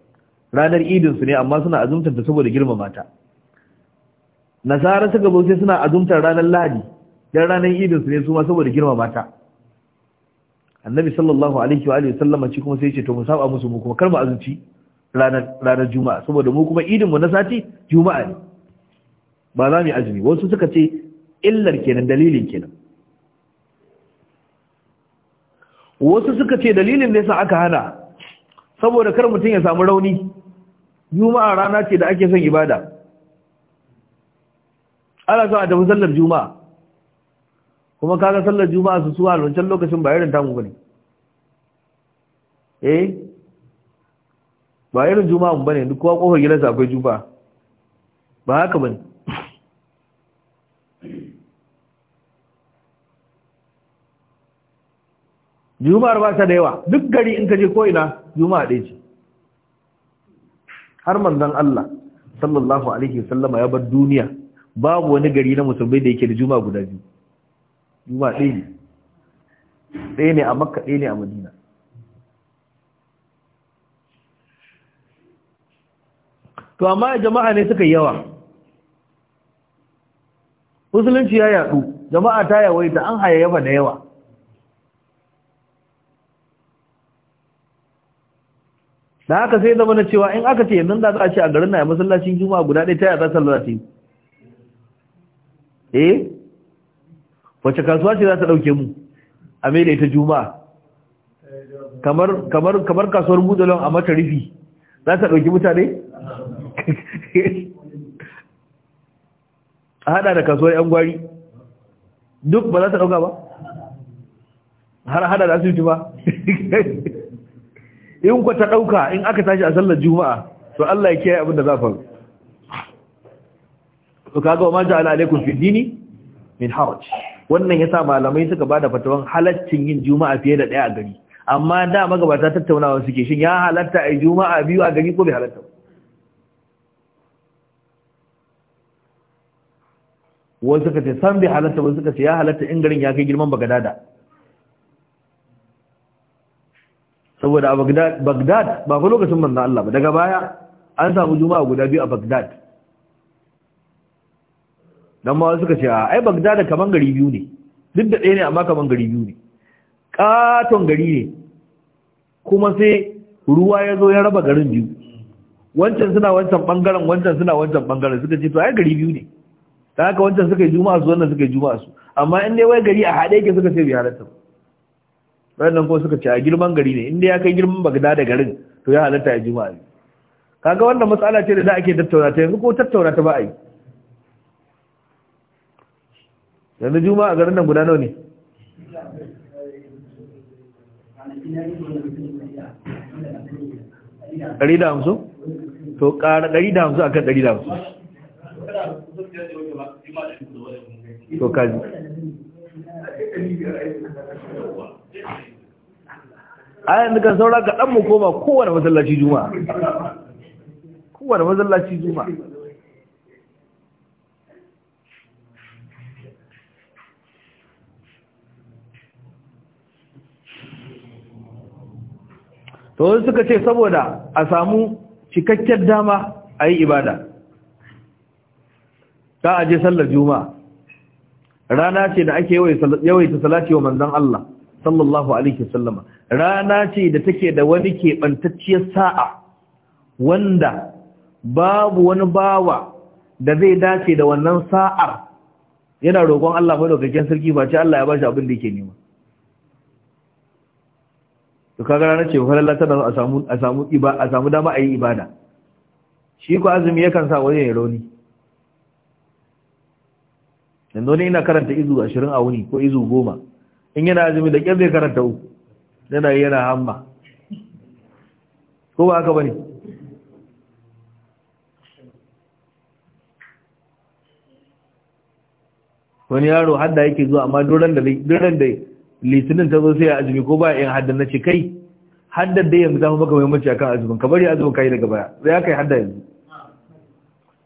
A: ranar idinsu ne amma suna azumtar ta saboda girma mata nasara suka zo sai suna azumtar ranar lahadi dan ranar idinsu ne su ma saboda girma mata annabi sallallahu alaihi wa alihi sallama ci kuma sai ya ce to mu saba musu mu kuma kar mu azumci ranar ranar juma'a saboda mu kuma idin mu na sati juma'a ne ba za mu azumi wasu suka ce illar kenan dalilin kenan wasu suka ce dalilin ne sa aka hana saboda kar mutum ya samu rauni juma'a rana ce da ake son ibada ana so a tafi sallar juma'a kuma kaga sallar juma'a su suwa wancan lokacin ba irin tamu bane eh ba irin juma'a mu bane duk kowa kofar gidansa akwai juma'a ba haka bane juma'ar ba ta da yawa duk gari in ka je ko ina juma'a ɗaya ce har manzon Allah sallallahu alaihi wasallama ya bar duniya babu wani gari na musulmai da yake da juma'a guda biyu juma'a ɗaya ne ɗaya ne a makka ɗaya ne a madina to amma jama'a ne suka yi yawa musulunci ya yadu jama'a ta yawaita an hayayyafa da yawa da haka sai zama na cewa in aka ce yanzu za a ce a garin na ya masallacin juma'a guda ɗaya ta yaya za su lalace eh wacce kasuwa ce za ta ɗauke mu a mele ta juma juma'a kamar kasuwar budalon a mata rufi za ta ɗauki mutane a hada da kasuwar yan gwari duk ba za ta ɗauka ba har hada da asibiti ba in ku ta dauka in aka tashi a sallar juma'a to Allah ya kiyaye abin da za faru to kaga wa ma ja'ala alaikum fi dini min haraj wannan yasa malamai suka bada fatawan halaccin yin juma'a fiye da daya a gari amma da magabata tattaunawa suke shin ya halatta a juma'a biyu a gari ko bai halatta wasu suka ce san bai halatta wasu suka ce ya halatta in garin ya kai girman bagadada saboda a Baghdad ba ku lokacin manzan Allah ba daga baya an samu juma'a guda biyu a Baghdad dan ma suka ce a ai Baghdad kaman gari biyu ne duk da ɗaya ne amma kaman gari biyu ne katon gari ne kuma sai ruwa ya zo ya raba garin biyu wancan suna wancan bangaren wancan suna wancan bangaren suka ce to ai gari biyu ne ta haka wancan suka yi juma'a su wannan suka yi juma'a su amma in dai wai gari a haɗe yake suka ce bai halatta ba Wannan ko suka ce a girman gari ne inda ya kai girman bagda da garin to ya halatta ya juma'a kaga wannan matsala ce da za ake tattauna ta yanzu ko tattauna ta ba ai yi yanzu juma'a garin nan guda nawa ne ɗari da hamsin to ƙara ɗari da hamsin kan ɗari da hamsin to kaji a yanzu kan saura ka ɗanmu mu koma kowane masallaci juma'a kowane masallaci juma to wasu suka ce saboda a samu cikakken dama a yi ibada ta aje sallar juma'a rana ce da ake yawaita salati wa manzon Allah sallallahu alaihi wasallama rana ce da take da wani keɓantacciyar sa'a wanda babu wani bawa da zai dace da wannan sa'ar yana roƙon Allah mai daukakken sarki ba ce Allah ya ba shi abin da yake nema to kaga rana ce fa lallata da a samu a samu iba a samu dama ayi ibada shi ko azumi yakan sa waje ya rauni yanzu ne ina karanta izu 20 a wuni ko izu 10 in yana azumi da ƙyar zai karanta uku yana yana hamma ko ba haka bane wani yaro hadda yake zuwa amma duran da duran da litinin ta zo sai ya azumi ko ba in hadda na ce kai hadda da yanzu zama maka muhimmanci akan azumin ka bari azumin ka yi daga baya zai yi hadda yanzu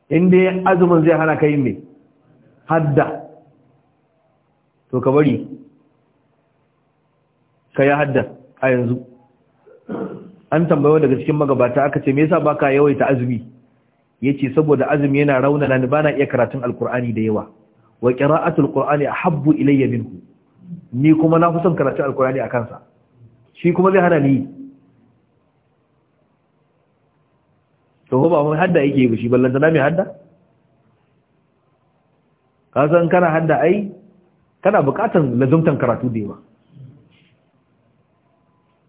A: in dai azumin zai hana ka yi mai hadda to ka bari ka yi hadda a yanzu an tambayo daga cikin magabata aka ce me yasa baka yawaita azumi yace saboda azumi yana rauna ni bana iya karatun alqur'ani da yawa wa qira'atul qur'ani ahabbu ilayya minhu ni kuma na fusan karatun alqur'ani akan sa shi kuma zai hana ni to ba mun hadda yake ba shi ballan tana mai hadda ka san kana hadda ai kana bukatan lazumtan karatu da yawa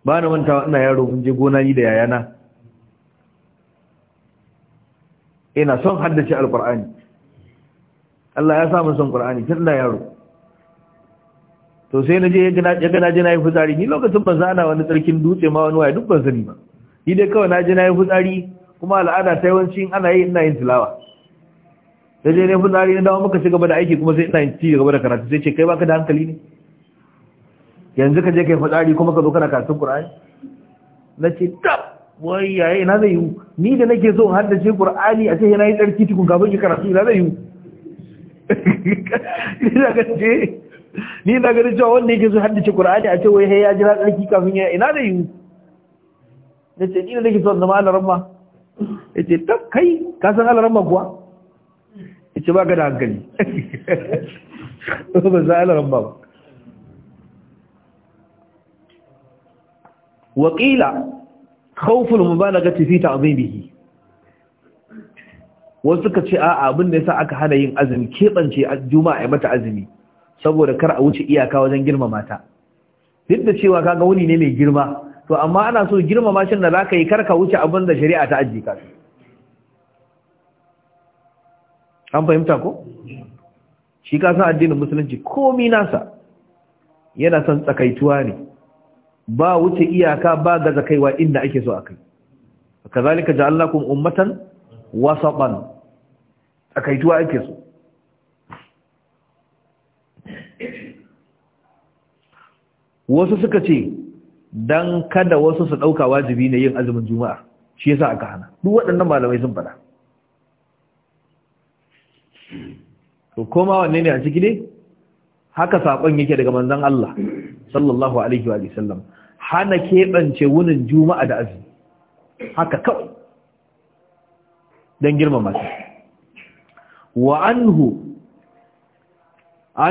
A: ba na manta ina yaro mun je gona ni da yayana ina son haddace alqur'ani Allah ya sa mun son qur'ani tun da yaro to sai na je ya ga na je na yi fitsari ni lokacin ban zana wani tsarkin dutse ma wani waya duk ban sani ba ni dai kawai na je na yi fitsari kuma al'ada ta yawanci ana yi ina yin tilawa sai je ne fitsari na dawo muka ci gaba da aiki kuma sai ina yin ci gaba da karatu sai ce kai baka da hankali ne yanzu ka je kai fitsari kuma ka zo kana karatun Qur'ani na ce tab wai yaye ina zai yi ni da nake so in haddace Qur'ani a ce yana yi tsarki tukun kafin ki karatu ina zai yi ina ga ce ni na ga cewa wanda yake so haddace Qur'ani a ce wai ya jira tsarki kafin ya ina zai yi na ce ni da nake so zama alarma ya ce tab kai ka san alarma kuwa ya ce ba ga da hankali ba za alarma ba waƙila خوف المبالغه في تعظيمه wasu ka ce a abin da yasa aka hana yin azumi keɓance juma'a ya mata azumi saboda kar a wuce iyaka wajen girmama mata duk da cewa kaga wuni ne mai girma to amma ana so girmama shin da zaka yi kar ka wuce abin da shari'a ta ajiye ka an fahimta ko shi ka san addinin musulunci komai nasa yana son tsakaituwa ne ba wuce iyaka ba gaza kaiwa inda ake so akai kazalika ja'alnakum ummatan wasatan akaituwa ake so wasu suka ce dan kada wasu su dauka wajibi ne yin azumin juma'a shi yasa aka hana duk waɗannan malamai sun fada to koma wanne ne a ciki ne haka sakon yake daga manzon Allah sallallahu alaihi wa sallam hana keɓance wunin juma'a da azumi haka kawai don girmama su wa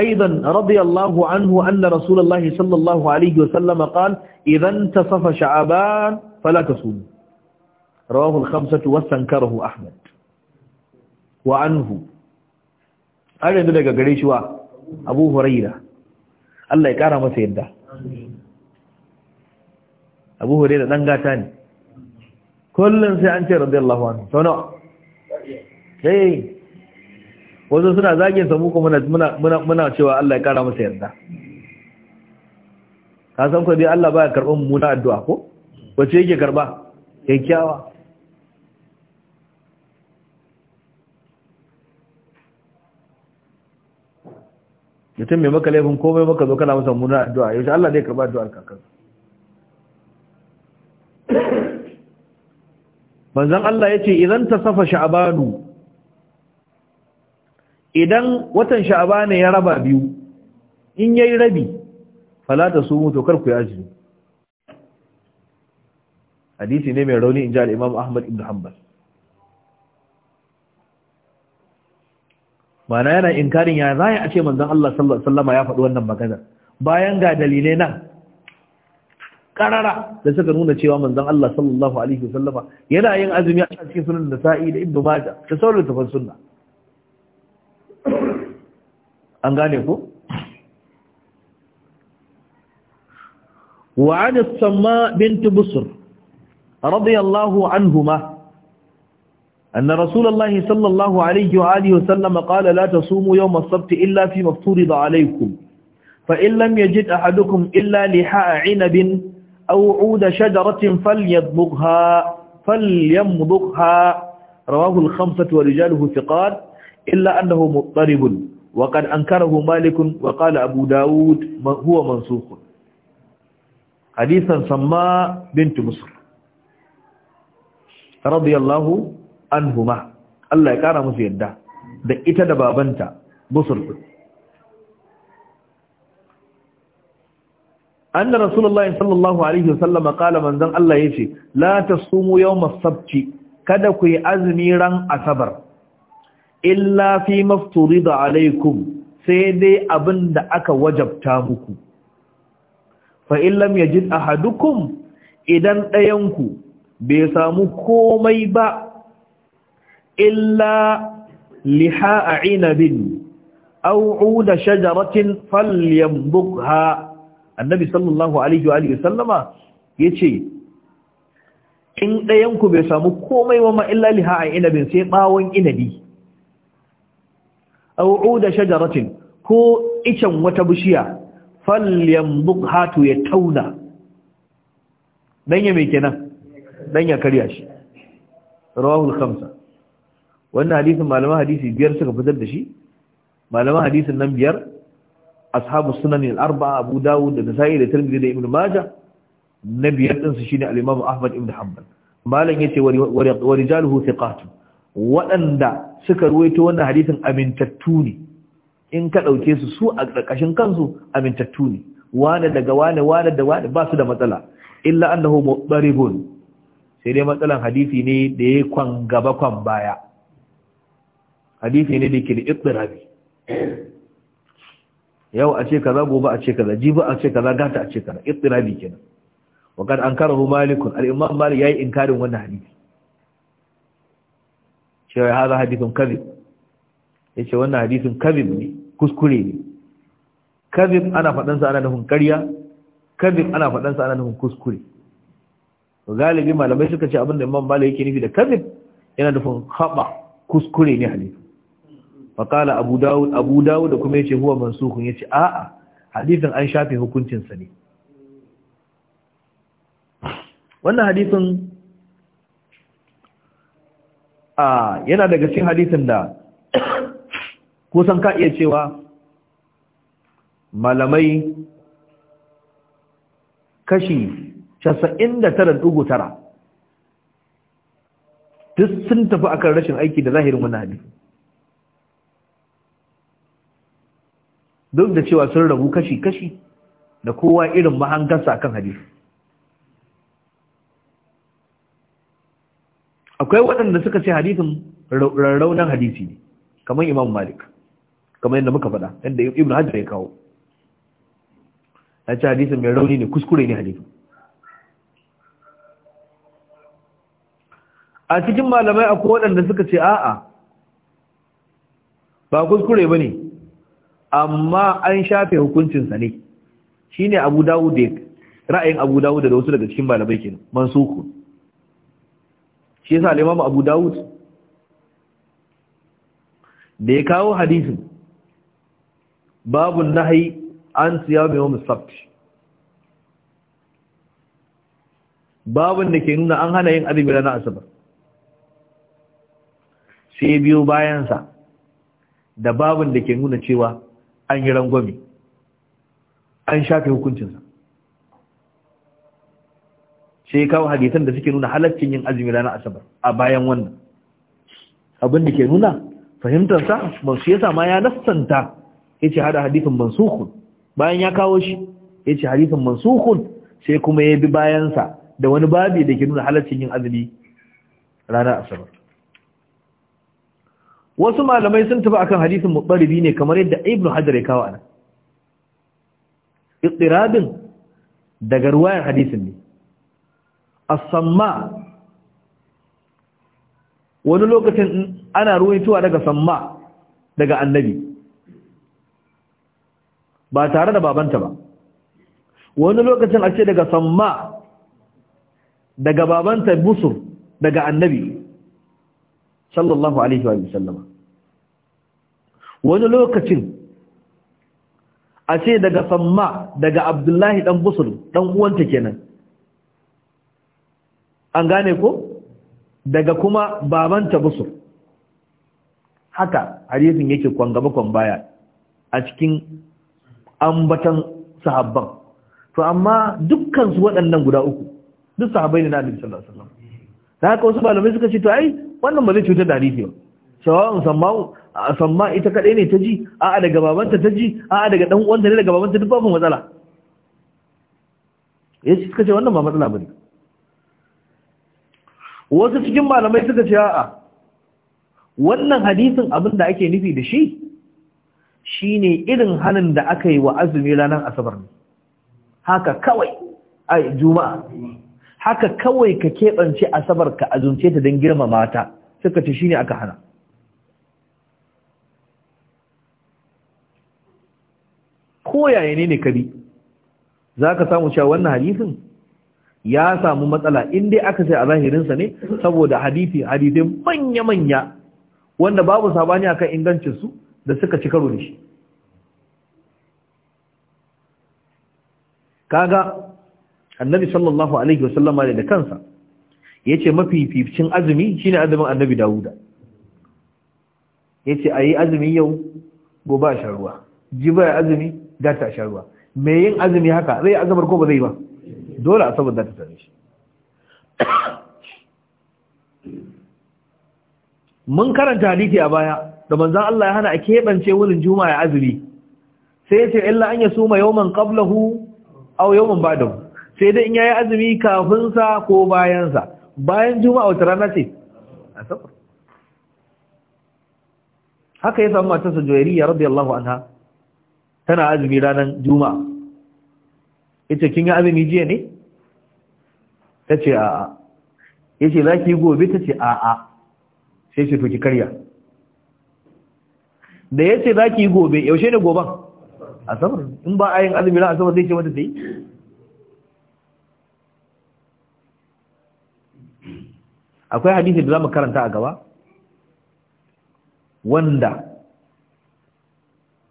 A: aidan radiyallahu anhu anna rasulullahi sallallahu alaihi idan tasafa sha'ban fala tasum rawahu khamsatu ahmad daga gare shi wa abu huraira Allah ya ƙara masa yadda abu da dan gata ne kullun sai an ce radiyallahu anhu to no sai wasu suna zagin sa mu kuma muna muna muna cewa Allah ya kara masa yarda ka san ko dai Allah baya karban mummuna addu'a ko wace yake karba kyakkyawa mutum mai maka laifin komai maka zo kana masa muna addu'a yaushe Allah zai karba addu'ar kakan manzon Allah ya ce idan ta safa sha'abanu idan watan sha'abanu ya raba biyu in yayi rabi fala tasumu to kar ku yi hadisi ne mai rauni in al-Imam Ahmad ibn Hanbal mana yana inkarin ya zai a ce manzan Allah sallallahu ya faɗi wannan magana bayan ga dalilai nan karara da suka nuna cewa manzon Allah sallallahu alaihi wasallama yana yin azumi a cikin sunan Nasa'i da Ibn Majah da sauran tafan sunna an gane ko wa an as-Samma bint Busr radiyallahu anhuma أن رسول الله صلى الله عليه وآله وسلم قال لا تصوموا يوم السبت إلا فيما افترض عليكم فإن لم يجد أحدكم إلا لحاء عنب أو عود شجرة فليضبغها فليمضغها رواه الخمسة ورجاله ثقات إلا أنه مضطرب وقد أنكره مالك وقال أبو داود هو منسوخ حديثا سماء بنت مصر رضي الله عنهما الله يكرمه يدا ده ita بابنتا مصر anna rasulullahi sallallahu alaihi wasallam qala manzon Allah ya ce la tasumu yawmas masabci kada ku yi azumi ran asabar illa fi mafturida alaikum sai dai abin da aka wajabta muku fa illam yajid kum, idan ɗayanku bai samu komai ba illa liha a inabin au uda shajaratin falyambukha annabi sallallahu alaihi wa sallama yace in dayan ku bai samu komai wa illa liha a inabin sai bawon inabi aw uda shajaratin ko icen wata bishiya falyambuk hatu ya tauna danya ya mai kenan danya ya karya shi rawahul khamsa wannan hadisin malaman hadisi biyar suka fitar da shi malaman hadisin nan biyar ashabu sunan al-arba abu dawud da nasa'i da tirmidhi da ibnu majah na biyar din su shine al-imam ahmad ibn hanbal malam yace wa rijaluhu thiqatun waɗanda suka ruwaito wannan hadisin amintattu ne in ka ɗauke su su a karkashin kansu amintattu ne wane daga wane wane da wane ba su da matsala illa annahu mudaribun sai dai matsalan hadisi ne da ya kwan gaba kwan baya hadisi ne da yake da ittirabi yau a ce kaza gobe a ce kaza jibi a ce kaza gata a ce kaza ittirabi kenan wa kad ankarahu malik al-imam malik yayi inkarin wannan hadisi cewa hada hadithun kadhib yace wannan hadisin kadhib ne kuskure ne kadhib ana fadan sa ana nufin ƙarya kadhib ana fadan sa ana nufin kuskure galibi malamai suka ce abinda imam malik yake nufi da kadhib yana nufin haba kuskure ne hadisi faƙala abu dawud abu da kuma ya ce huwa mansukun a'a hadithin an shafe hukuncinsa ne wannan hadithin a yana daga cikin hadithin da kusan ka iya cewa malamai kashi 99.9 duk sun tafi akan rashin aiki da zahirin wannan hadithin duk da cewa sun rabu kashi-kashi da kowa irin mahangarsa akan hadisi akwai waɗanda suka ce hadisin raunan hadisi ne kamar imam malik kamar yadda muka faɗa yadda ibn hajjar ya kawo ya ce hadisin mai rauni ne kuskure ne hadisin a cikin malamai akwai waɗanda suka ce a'a ba kuskure ba ne amma an shafe hukuncinsa ne shi ne abu dawud ra'ayin abu dawud da wasu daga cikin malamai su mansuku shi yasa al abu dawud da ya kawo hadisin babu nahi an siya mai wa sabt babun da ke nuna an hana yin azumi ranar asabar sai biyo bayansa da babun da ke nuna cewa an yi rangwami an shafe hukuncinsa sai ya kawo hadisan da suke nuna halaccin yin azumi ranar asabar a bayan wannan abin da ke nuna fahimtarsa masu yasa ma ya nassanta ya ce hada hadifin mansukun bayan ya kawo shi ya ce hadifin mansukun sai kuma ya bi bayansa da wani babi da ke nuna halaccin yin azumi ranar asabar wasu malamai sun tafi akan hadisin mutsaribi ne kamar yadda ibnu hajar ya kawo ana ittirabin daga ruwayar hadisin ne as-samma wani lokacin ana ruwaitowa daga samma daga annabi ba tare da babanta ba wani lokacin a ce daga samma daga babanta busur daga annabi sallallahu alaihi wa sallama wani lokacin a ce daga famma daga abdullahi dan busul dan uwanta kenan an gane ko daga kuma babanta busul haka hadisin yake kwan gaba kwan baya a cikin ambatan sahabban to amma dukkan su waɗannan guda uku duk sahabbai ne na annabi sallallahu alaihi wasallam haka wasu malamai suka ce to ai wannan ba zai cutar da hadisi ba shawa'un samma ita kadai ne ta ji a'a daga babanta ta ji a'a daga dan uwanta ne daga babanta duk babu matsala yace suka ce wannan ba matsala bane wasu cikin malamai suka ce a'a wannan hadisin abin da ake nufi da shi shine irin halin da aka yi wa azumi ranar asabar haka kawai a juma'a haka kawai ka keɓance asabar ka azunce ta don girmamata, mata suka ce ne aka hana ko yaya ne ne kari za ka samu cewa wannan hadisin ya samu matsala in aka sai a zahirinsa ne saboda hadisi hadisai manya-manya wanda babu sabani akan ingancinsu da suka ci karo da shi kaga annabi sallallahu alaihi wasallama da kansa yace mafificin azumi shine azumin annabi Dawuda yace ayi azumi yau gobe a sharuwa jiba azumi gata a sharuwa me yin azumi haka zai azumar ko ba zai ba dole a saboda ta tare shi mun karanta hadisi a baya da manzon Allah ya hana a kebance wurin juma'a azumi sai yace illa an yasuma yawman qablahu aw yawman ba'dahu sai dai in yayi azumi kafin sa ko bayan sa bayan juma'a wata rana ce asabar haka ya samu matarsa juwairiya radiyallahu anha tana azumi ranar juma'a yace kin yi azumi jiya ne tace a'a yace yi gobe tace a'a sai ce to ki karya da yace yi gobe yaushe ne goban asabar in ba a yin azumi ran asabar zai ce mata sai akwai hadisi da zamu karanta a gaba wanda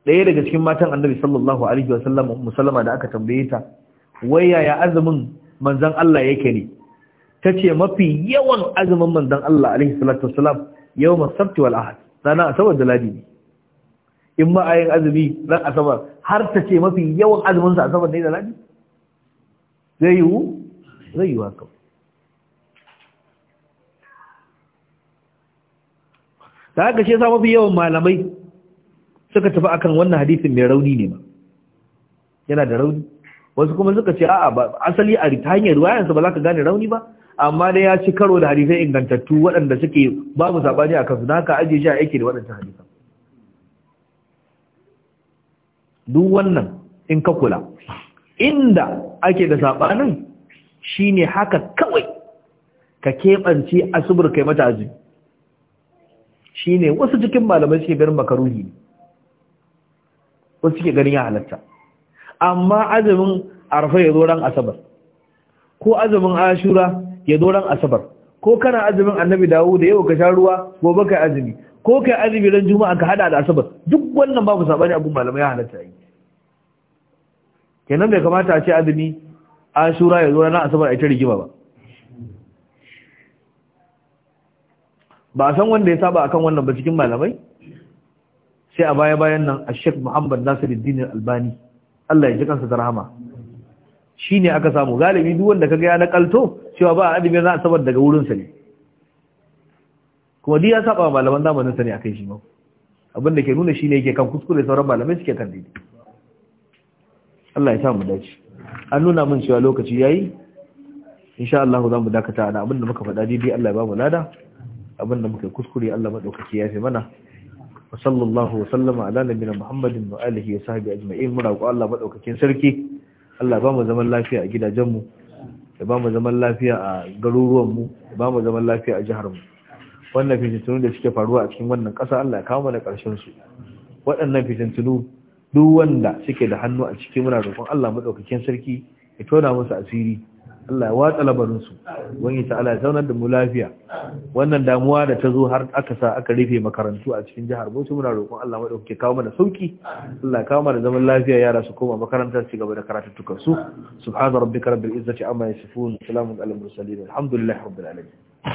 A: daya daga cikin matan annabi sallallahu alaihi wa sallam, musallama da aka tambaye ta wai yaya azumin manzon Allah yake ne tace mafi yawan azumin manzon Allah alaihi salatu wasallam yawm as-sabt wal ahad sana asabar da ladi in ma ayin azumi ran asabar har tace mafi yawan azumin sa asabar ne da ladi zai yiwu zai yiwu haka ta haka shi sa mafi yawan malamai suka tafi akan wannan hadisin mai rauni ne ma yana da rauni wasu kuma suka ce a'a ba asali a hanyar ruwayansa ba za ka gane rauni ba amma dai ya ci karo da hadisai ingantattu waɗanda suke babu a akan na naka ajiye shi a yake da waɗancan hadisan duk wannan in ka kula inda ake da sabanin shine haka kawai ka keɓance asubur kai mata azumi Shi ne wasu cikin malamai suke ganin makaruhi ne wasu suke ganin ya halatta amma azumin arfa ya zo ran asabar ko azumin ashura ya zo ran asabar ko kana azumin annabi dawo da yau ka sha ruwa gobe kai azumi ko kai azumi ran juma'a ka hada da asabar duk wannan babu sabani abun malamai ya halatta yi kenan bai kamata a ce azumi ashura ya zo ran asabar a ita rigima ba ba san wanda ya saba akan wannan ba cikin malamai sai a baya bayan nan Sheikh Muhammad Nasiruddin Albani Allah ya ji kansa da rahama shine aka samu galibi duk wanda kaga ya nakalto cewa ba adabi za a sabar daga wurin sa ne kuma dai ya saba malaman zamanin sa ne akai shi ma abinda ke nuna shine yake kan kuskure sauran malamai suke kan dai Allah ya samu dace an nuna min cewa lokaci yayi insha Allah za mu dakata ana abinda muka faɗa dai Allah ya ba mu lada abinda muka kuskure Allah madaukaki ya fi mana wa sallallahu wa sallama ala nabiyina muhammadin wa alihi wa sahbihi ajma'in muna ko Allah madaukakin sarki Allah ba mu zaman lafiya a gidajen mu ya ba mu zaman lafiya a garuruwan mu ya ba mu zaman lafiya a jihar mu wannan fitintunu da suke faruwa a cikin wannan ƙasa Allah ya kawo mana ƙarshen su waɗannan fitintunu duk wanda suke da hannu a ciki muna roƙon Allah madaukakin sarki ya tona musu asiri Allah ya watsa labarinsu wani ta'ala ya zaunar da mu lafiya wannan damuwa da ta zo har aka sa aka rufe makarantu a cikin jihar Bauchi muna roƙon Allah madaukake kawo mana sauki Allah ya kawo mana zaman lafiya yara su koma makaranta su gaba da karatuttukan su subhana rabbika rabbil izzati amma yasifun salamun alal mursalin alhamdulillahi rabbil alamin